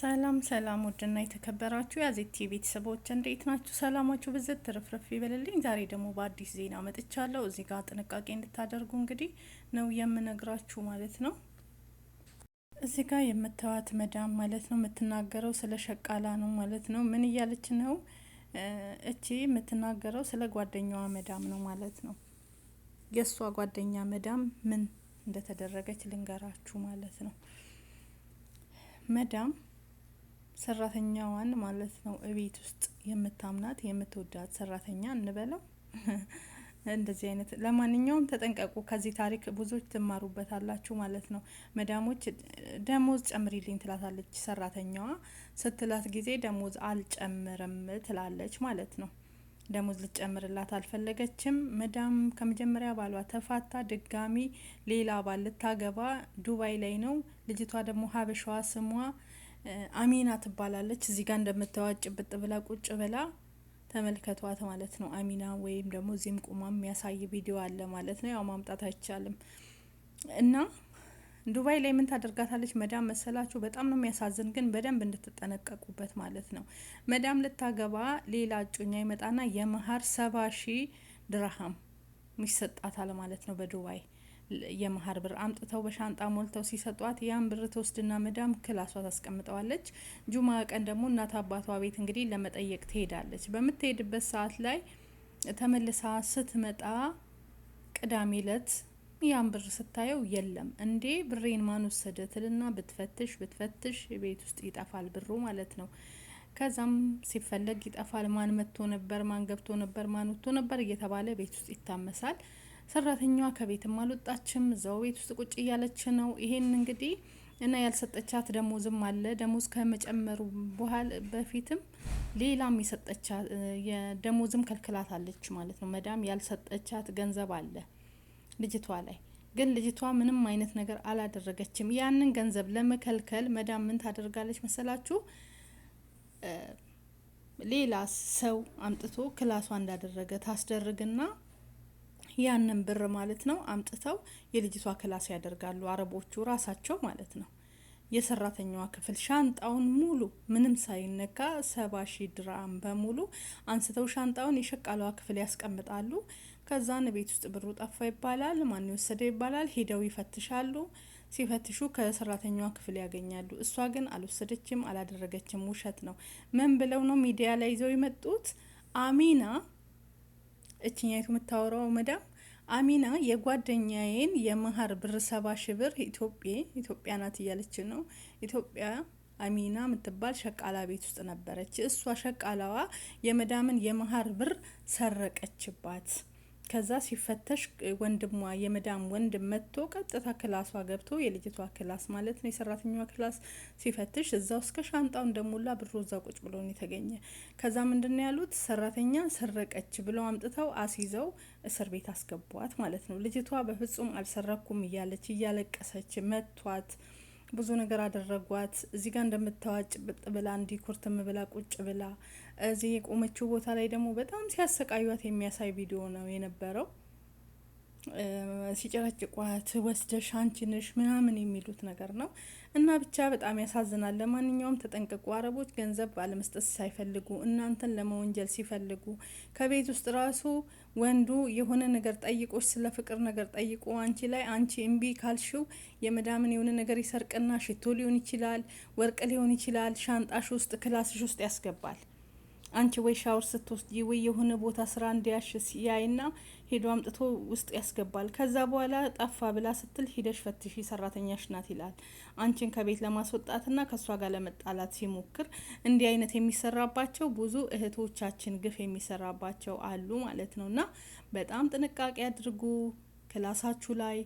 ሰላም ሰላም ውድና የተከበራችሁ የአዜት ቲቪ ቤተሰቦች እንዴት ናችሁ? ሰላማችሁ ብዝት ትርፍርፍ ይበልልኝ። ዛሬ ደግሞ በአዲስ ዜና መጥቻለሁ። እዚህ ጋር ጥንቃቄ እንድታደርጉ እንግዲህ ነው የምነግራችሁ ማለት ነው። እዚህ ጋር የምታዩት መዳም ማለት ነው የምትናገረው ስለ ሸቃላ ነው ማለት ነው። ምን እያለች ነው እቺ የምትናገረው? ስለ ጓደኛዋ መዳም ነው ማለት ነው። የእሷ ጓደኛ መዳም ምን እንደተደረገች ልንገራችሁ ማለት ነው መዳም ሰራተኛዋን ማለት ነው እቤት ውስጥ የምታምናት የምትወዳት ሰራተኛ እንበለው እንደዚህ አይነት ለማንኛውም ተጠንቀቁ። ከዚህ ታሪክ ብዙዎች ትማሩበታላችሁ ማለት ነው። መዳሞች ደሞዝ ጨምሪልኝ ትላታለች ሰራተኛዋ። ስትላት ጊዜ ደሞዝ አልጨምርም ትላለች ማለት ነው። ደሞዝ ልትጨምርላት አልፈለገችም። መዳም ከመጀመሪያ ባሏ ተፋታ፣ ድጋሚ ሌላ ባል ልታገባ ዱባይ ላይ ነው። ልጅቷ ደግሞ ሀበሻዋ ስሟ አሚና ትባላለች። እዚህ ጋር እንደምታዋጭ ብጥ ብላ ቁጭ ብላ ተመልከቷት ማለት ነው። አሚና ወይም ደግሞ እዚህም ቁማ የሚያሳይ ቪዲዮ አለ ማለት ነው። ያው ማምጣት አይቻልም እና ዱባይ ላይ ምን ታደርጋታለች መዳም መሰላችሁ? በጣም ነው የሚያሳዝን፣ ግን በደንብ እንድትጠነቀቁበት ማለት ነው። መዳም ልታገባ ሌላ እጩኛ ይመጣና የመሀር ሰባ ሺህ ድርሃም ይሰጣታል ማለት ነው በዱባይ የመሀር ብር አምጥተው በሻንጣ ሞልተው ሲሰጧት ያን ብር ትወስድና መዳም ክላሷ ታስቀምጠዋለች። ጁማ ቀን ደግሞ እናት አባቷ ቤት እንግዲህ ለመጠየቅ ትሄዳለች። በምትሄድበት ሰዓት ላይ ተመልሳ ስትመጣ ቅዳሜ ለት ያን ብር ስታየው የለም እንዴ ብሬን ማን ወሰደ ትልና ብትፈትሽ ብትፈትሽ ቤት ውስጥ ይጠፋል ብሩ ማለት ነው። ከዛም ሲፈለግ ይጠፋል። ማን መጥቶ ነበር፣ ማን ገብቶ ነበር፣ ማን ወጥቶ ነበር እየተባለ ቤት ውስጥ ይታመሳል። ሰራተኛዋ ከቤትም አልወጣችም፣ እዛው ቤት ውስጥ ቁጭ እያለች ነው። ይሄን እንግዲህ እና ያልሰጠቻት ደሞዝም አለ። ደሞዝ ከመጨመሩ በኋላ በፊትም ሌላም የሰጠቻት የደሞዝም አለች ማለት ነው። መዳም ያልሰጠቻት ገንዘብ አለ ልጅቷ ላይ ግን ልጅቷ ምንም አይነት ነገር አላደረገችም። ያንን ገንዘብ ለመከልከል መዳም ምን ታደርጋለች መሰላችሁ? ሌላ ሰው አምጥቶ ክላሷ እንዳደረገ ታስደርግና ያንን ብር ማለት ነው አምጥተው የልጅቷ ክላስ ያደርጋሉ አረቦቹ ራሳቸው ማለት ነው። የሰራተኛዋ ክፍል ሻንጣውን ሙሉ ምንም ሳይነካ ሰባ ሺ ድራም በሙሉ አንስተው ሻንጣውን የሸቃለዋ ክፍል ያስቀምጣሉ። ከዛን ቤት ውስጥ ብሩ ጠፋ ይባላል፣ ማን የወሰደ ይባላል። ሄደው ይፈትሻሉ። ሲፈትሹ ከሰራተኛዋ ክፍል ያገኛሉ። እሷ ግን አልወሰደችም፣ አላደረገችም፣ ውሸት ነው። ምን ብለው ነው ሚዲያ ላይ ይዘው የመጡት አሚና እችኛይቱ የምታወራው መዳም አሚና የጓደኛዬን የመሀር ብር ሰባ ሺ ብር ኢትዮጵያ ኢትዮጵያ ናት እያለች ነው። ኢትዮጵያ አሚና የምትባል ሸቃላ ቤት ውስጥ ነበረች። እሷ ሸቃላዋ የመዳምን የመሀር ብር ሰረቀችባት። ከዛ ሲፈተሽ ወንድሟ የመዳም ወንድም መጥቶ ቀጥታ ክላሷ ገብቶ የልጅቷ ክላስ ማለት ነው የሰራተኛዋ ክላስ ሲፈትሽ እዛው እስከ ሻንጣው እንደሞላ ብሮ እዛ ቁጭ ብሎ ነው የተገኘ። ከዛ ምንድን ያሉት ሰራተኛ ሰረቀች ብለው አምጥተው አስይዘው እስር ቤት አስገቧት ማለት ነው። ልጅቷ በፍጹም አልሰረኩም እያለች እያለቀሰች መቷት። ብዙ ነገር አደረጓት። እዚህ ጋር እንደምታዋጭ ብጥ ብላ እንዲ ኩርትም ብላ ቁጭ ብላ እዚህ የቆመችው ቦታ ላይ ደግሞ በጣም ሲያሰቃዩት የሚያሳይ ቪዲዮ ነው የነበረው። ሲጨረጭቋት ወስደሽ አንቺንሽ ምናምን የሚሉት ነገር ነው እና ብቻ በጣም ያሳዝናል። ለማንኛውም ተጠንቀቁ። አረቦች ገንዘብ ባለመስጠት ሳይፈልጉ እናንተን ለመወንጀል ሲፈልጉ ከቤት ውስጥ ራሱ ወንዱ የሆነ ነገር ጠይቆች ስለ ፍቅር ነገር ጠይቆ አንቺ ላይ አንቺ እምቢ ካልሽው የመዳምን የሆነ ነገር ይሰርቅና ሽቶ ሊሆን ይችላል፣ ወርቅ ሊሆን ይችላል፣ ሻንጣሽ ውስጥ ክላስሽ ውስጥ ያስገባል። አንቺ ወይ ሻወር ስትወስድ ወይ የሆነ ቦታ ስራ እንዲያሽ ሲያይና ሄዶ አምጥቶ ውስጥ ያስገባል። ከዛ በኋላ ጠፋ ብላ ስትል ሂደሽ ፈትሺ ሰራተኛሽ ናት ይላል። አንቺን ከቤት ለማስወጣትና ከእሷ ጋር ለመጣላት ሲሞክር እንዲህ አይነት የሚሰራባቸው ብዙ እህቶቻችን ግፍ የሚሰራባቸው አሉ ማለት ነው። እና በጣም ጥንቃቄ አድርጉ ክላሳችሁ ላይ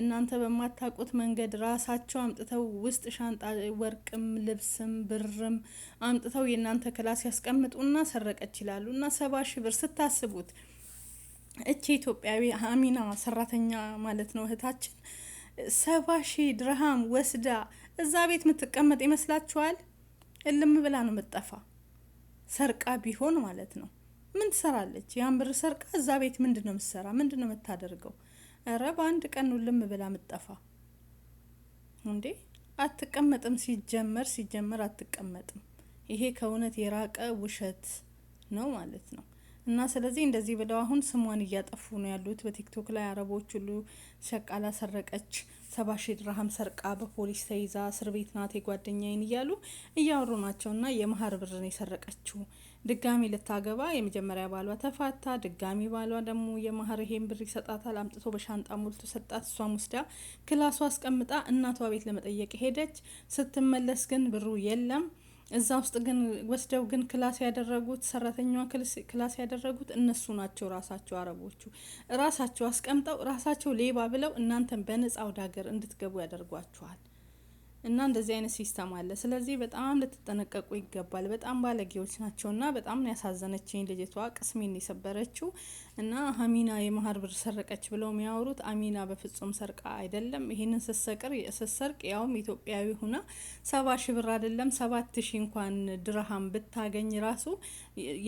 እናንተ በማታውቁት መንገድ ራሳቸው አምጥተው ውስጥ ሻንጣ ወርቅም ልብስም ብርም አምጥተው የእናንተ ክላስ ያስቀምጡና ሰረቀች ይላሉ። እና ሰባ ሺ ብር ስታስቡት እቺ ኢትዮጵያዊ አሚና ሰራተኛ ማለት ነው እህታችን ሰባ ሺ ድርሃም ወስዳ እዛ ቤት የምትቀመጥ ይመስላችኋል? እልም ብላ ነው የምጠፋ። ሰርቃ ቢሆን ማለት ነው ምን ትሰራለች? ያን ብር ሰርቃ እዛ ቤት ምንድን ነው የምትሰራ? ምንድን ነው የምታደርገው? እረ በአንድ ቀን ውልም ብላ ምጠፋ እንዴ? አትቀመጥም። ሲጀመር ሲጀመር አትቀመጥም። ይሄ ከእውነት የራቀ ውሸት ነው ማለት ነው። እና ስለዚህ እንደዚህ ብለው አሁን ስሟን እያጠፉ ነው ያሉት በቲክቶክ ላይ አረቦች ሁሉ ሸቃላ ሰረቀች፣ ሰባ ሺ ድርሃም ሰርቃ በፖሊስ ተይዛ እስር ቤት ናት የጓደኛዬን እያሉ እያወሩ ናቸው። እና የመሀር ብርን የሰረቀችው ድጋሚ ልታገባ የመጀመሪያ ባሏ ተፋታ። ድጋሚ ባሏ ደግሞ የመሀር ይሄን ብር ይሰጣታል። አምጥቶ በሻንጣ ሞልቶ ሰጣት። እሷም ወስዳ ክላሷ አስቀምጣ እናቷ ቤት ለመጠየቅ ሄደች። ስትመለስ ግን ብሩ የለም። እዛ ውስጥ ግን ወስደው ግን ክላስ ያደረጉት ሰራተኛዋ ክላስ ያደረጉት እነሱ ናቸው። ራሳቸው አረቦቹ ራሳቸው አስቀምጠው ራሳቸው ሌባ ብለው እናንተን በነጻ ወደ ሀገር እንድትገቡ ያደርጓችኋል። እና እንደዚህ አይነት ሲስተም አለ። ስለዚህ በጣም ልትጠነቀቁ ይገባል። በጣም ባለጌዎች ናቸው። እና በጣም ነው ያሳዘነችኝ ልጅቷ፣ ቅስሜን የሰበረችው እና አሚና የመሀር ብር ሰረቀች ብለው የሚያወሩት አሚና በፍጹም ሰርቃ አይደለም። ይህንን ስሰቅር ስትሰርቅ ያውም ኢትዮጵያዊ ሁና ሰባ ሺ ብር አይደለም ሰባት ሺ እንኳን ድርሃም ብታገኝ ራሱ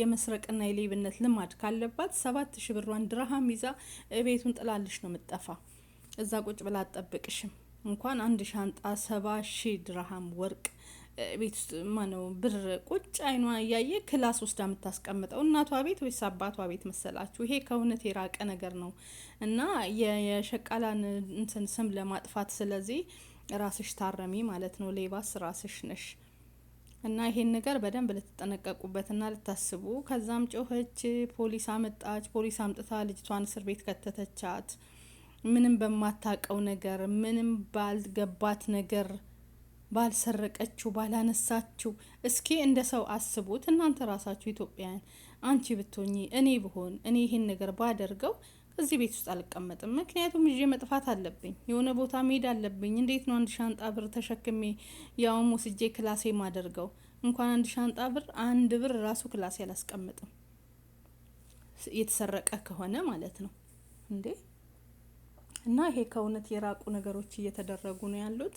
የመስረቅና የሌብነት ልማድ ካለባት ሰባት ሺ ብሯን ድርሃም ይዛ ቤቱን ጥላልሽ ነው የምጠፋ። እዛ ቁጭ ብላ አትጠብቅሽም። እንኳን አንድ ሻንጣ ሰባ ሺ ድርሃም ወርቅ ቤት ውስጥ ማነው ብር ቁጭ አይኗ እያየ ክላስ ውስጥ የምታስቀምጠው እናቷ ቤት ወይስ አባቷ ቤት መሰላችሁ? ይሄ ከእውነት የራቀ ነገር ነው እና የሸቃላን እንትን ስም ለማጥፋት ስለዚህ ራስሽ ታረሚ ማለት ነው። ሌባስ ራስሽ ነሽ። እና ይሄን ነገር በደንብ ልትጠነቀቁበትና ልታስቡ። ከዛም ጮኸች፣ ፖሊስ አመጣች። ፖሊስ አምጥታ ልጅቷን እስር ቤት ከተተቻት። ምንም በማታቀው ነገር ምንም ባልገባት ነገር ባልሰረቀችው ባላነሳችው እስኪ እንደ ሰው አስቡት እናንተ ራሳችሁ ኢትዮጵያውያን አንቺ ብትሆኚ እኔ ብሆን እኔ ይህን ነገር ባደርገው እዚህ ቤት ውስጥ አልቀመጥም ምክንያቱም ይዤ መጥፋት አለብኝ የሆነ ቦታ መሄድ አለብኝ እንዴት ነው አንድ ሻንጣ ብር ተሸክሜ ያውም ወስጄ ክላሴ ማደርገው እንኳን አንድ ሻንጣ ብር አንድ ብር ራሱ ክላሴ አላስቀምጥም የተሰረቀ ከሆነ ማለት ነው እንዴ እና ይሄ ከእውነት የራቁ ነገሮች እየተደረጉ ነው ያሉት።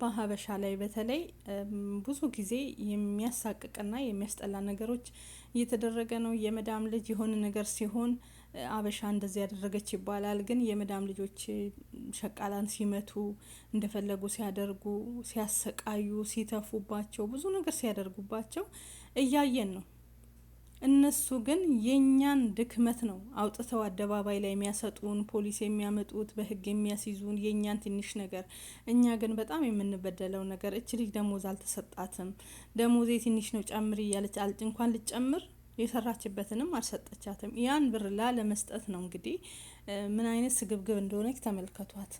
በሀበሻ ላይ በተለይ ብዙ ጊዜ የሚያሳቅቅና የሚያስጠላ ነገሮች እየተደረገ ነው። የመዳም ልጅ የሆነ ነገር ሲሆን አበሻ እንደዚህ ያደረገች ይባላል። ግን የመዳም ልጆች ሸቃላን ሲመቱ፣ እንደፈለጉ ሲያደርጉ፣ ሲያሰቃዩ፣ ሲተፉባቸው፣ ብዙ ነገር ሲያደርጉባቸው እያየን ነው። እነሱ ግን የእኛን ድክመት ነው አውጥተው አደባባይ ላይ የሚያሰጡን፣ ፖሊስ የሚያመጡት፣ በህግ የሚያስይዙን የእኛን ትንሽ ነገር። እኛ ግን በጣም የምንበደለው ነገር እች ልጅ ደሞዝ አልተሰጣትም፣ ደሞዜ ትንሽ ነው ጨምር እያለች አልጭ እንኳን ልጨምር የሰራችበትንም አልሰጠቻትም። ያን ብር ላ ለመስጠት ነው እንግዲህ ምን አይነት ስግብግብ እንደሆነች ተመልከቷት።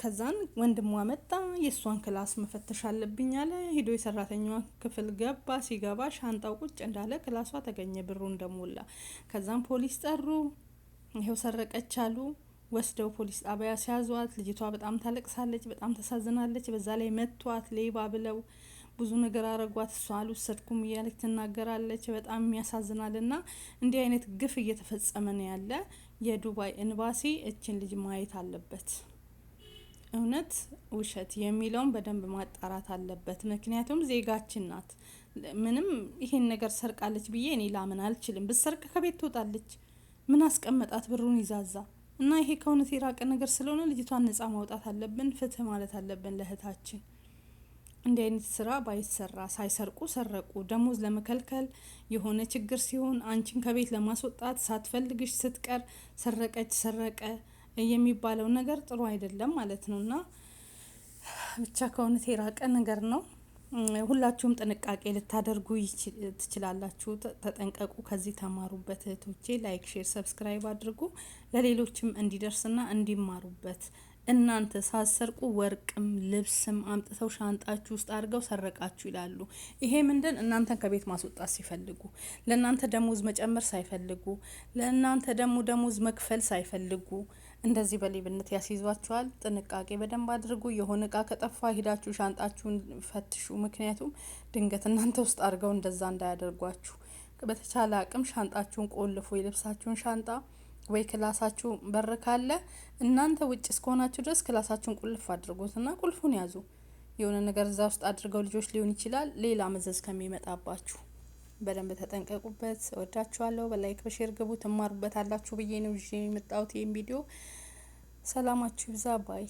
ከዛን ወንድሟ መጣ። የእሷን ክላስ መፈተሽ አለብኝ አለ። ሂዶ የሰራተኛ ክፍል ገባ። ሲገባ ሻንጣው ቁጭ እንዳለ ክላሷ ተገኘ፣ ብሩ እንደሞላ። ከዛን ፖሊስ ጠሩ። ይሄው ሰረቀች አሉ። ወስደው ፖሊስ ጣቢያ ሲያዟት፣ ልጅቷ በጣም ታለቅሳለች፣ በጣም ተሳዝናለች። በዛ ላይ መቷት ሌባ ብለው ብዙ ነገር አረጓት። እሷ አልወሰድኩም እያለች ትናገራለች። በጣም ያሳዝናል። ና እንዲህ አይነት ግፍ እየተፈጸመ ነው ያለ የዱባይ ኤምባሲ እችን ልጅ ማየት አለበት። እውነት ውሸት የሚለውን በደንብ ማጣራት አለበት። ምክንያቱም ዜጋችን ናት። ምንም ይሄን ነገር ሰርቃለች ብዬ እኔ ላምን አልችልም። ብትሰርቅ ከቤት ትወጣለች። ምን አስቀመጣት ብሩን ይዛዛ እና ይሄ ከእውነት የራቀ ነገር ስለሆነ ልጅቷን ነጻ ማውጣት አለብን። ፍትህ ማለት አለብን ለእህታችን። እንዲህ አይነት ስራ ባይሰራ። ሳይሰርቁ ሰረቁ፣ ደሞዝ ለመከልከል የሆነ ችግር ሲሆን አንቺን ከቤት ለማስወጣት ሳትፈልግሽ ስትቀር ሰረቀች፣ ሰረቀ የሚባለው ነገር ጥሩ አይደለም ማለት ነው እና ብቻ ከእውነት የራቀ ነገር ነው። ሁላችሁም ጥንቃቄ ልታደርጉ ትችላላችሁ። ተጠንቀቁ፣ ከዚህ ተማሩበት። እህቶቼ ላይክ፣ ሼር፣ ሰብስክራይብ አድርጉ ለሌሎችም እንዲደርስና እንዲማሩበት። እናንተ ሳሰርቁ ወርቅም ልብስም አምጥተው ሻንጣችሁ ውስጥ አድርገው ሰረቃችሁ ይላሉ። ይሄ ምንድን እናንተን ከቤት ማስወጣት ሲፈልጉ፣ ለእናንተ ደሞዝ መጨመር ሳይፈልጉ፣ ለእናንተ ደግሞ ደሞዝ መክፈል ሳይፈልጉ እንደዚህ በሌብነት ያስይዟቸዋል። ጥንቃቄ በደንብ አድርጉ። የሆነ እቃ ከጠፋ ሂዳችሁ ሻንጣችሁን ፈትሹ። ምክንያቱም ድንገት እናንተ ውስጥ አድርገው እንደዛ እንዳያደርጓችሁ። በተቻለ አቅም ሻንጣችሁን ቆልፉ። የልብሳችሁን ሻንጣ ወይ ክላሳችሁ በር ካለ እናንተ ውጭ እስከሆናችሁ ድረስ ክላሳችሁን ቁልፍ አድርጉትና ቁልፉን ያዙ። የሆነ ነገር እዛ ውስጥ አድርገው ልጆች ሊሆን ይችላል ሌላ መዘዝ ከሚመጣባችሁ በደንብ ተጠንቀቁበት። እወዳችኋለሁ። በላይክ በሼር ግቡ፣ ትማሩበት አላችሁ ብዬ ነው ይዤ የመጣሁት ይህን ቪዲዮ። ሰላማችሁ ይብዛ ባይ